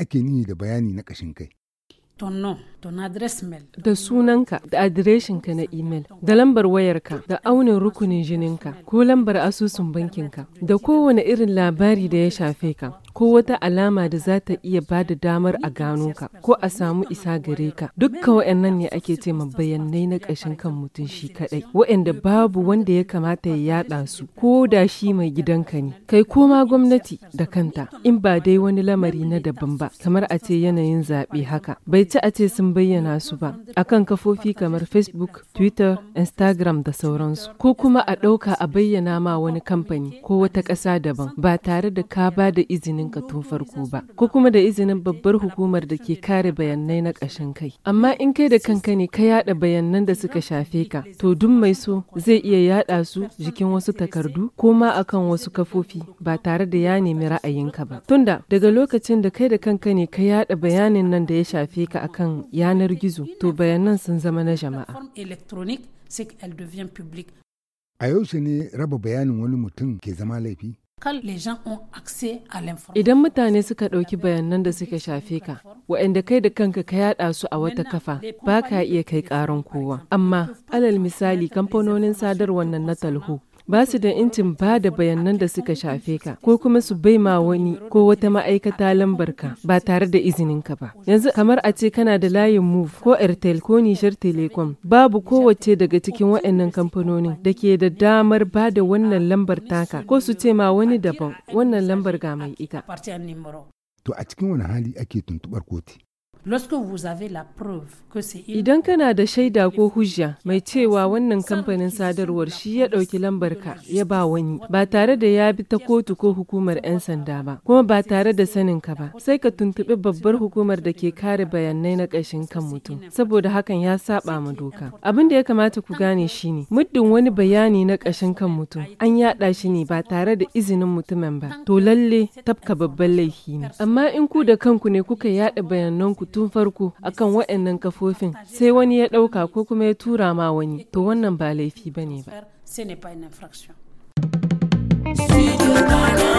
ake nihi da bayani na ƙashin kai? da sunanka da adireshinka na imel da lambar wayarka da aunin rukunin jininka ko lambar asusun bankinka da kowane irin labari da ya shafe ka ko wata alama da za ta iya ba da damar a gano ka ko a samu isa gare ka dukkan waɗannan ne ake ce ma bayanai na ƙashin kan mutum shi kaɗai waɗanda babu wanda ya kamata ya yaɗa su ko da shi mai gidanka ne kai koma gwamnati da kanta in ba dai wani lamari na daban ba kamar a ce yanayin zaɓe haka bai ci a ce sun bayyana su ba akan kafofi kamar facebook twitter instagram da sauransu ko kuma a ɗauka a bayyana ma wani kamfani ko wata ƙasa daban ba tare da ka ba da izinin ka tun farko ba ko kuma da izinin babbar hukumar da ke kare bayanai na kashin kai amma in kai da kanka ne ka yada bayanan da suka shafe ka to duk mai so zai iya yada su jikin wasu takardu ko ma akan wasu kafofi ba tare da ya nemi ra'ayinka ba tunda daga lokacin da kai da kanka ne ka yada bayanin nan da ya shafe ka akan yanar gizo to bayanan sun zama na jama'a A yau ne raba bayanin wani mutum ke zama laifi? Idan mutane suka ɗauki bayanan da suka shafe ka, waɗanda kai da kanka ka yaɗa su a wata kafa, ba ka iya kai ƙaran kowa. Amma, alal misali kamfanonin sadarwar nan na talho ba su da incin ba da bayanan da suka shafe ka ko kuma su bai ma wani ko wata ma'aikata lambar ka ba tare da izinin ka ba yanzu kamar a ce kana da layin move ko airtel ko nishar telecom babu kowace daga cikin waɗannan kamfanonin da ke da damar ba da wannan lambar taka ko su ce ma wani daban wannan lambar ga mai ita To a cikin wani hali ake tuntubar kotu Idan kana da shaida ko hujja mai cewa wannan kamfanin sadarwar shi ya ɗauki ka ya ba wani ba tare da ya bi ta kotu ko hukumar 'yan sanda ba kuma ba tare da saninka ba sai ka tuntuɓi babbar hukumar da ke kare bayanai na ƙashin kan mutum saboda hakan ya saɓa ma doka. Abin da ya kamata ku gane shi ne. muddin wani bayani na ƙashin kan mutum an yaɗa shi ne ba tare da izinin mutumin ba to lalle tafka babban laifi ne amma in ku da kanku ne kuka yaɗa bayananku tun farko akan waɗannan kafofin sai wani ya ɗauka ko kuma ya tura ma wani to wannan ba laifi ba ne ba.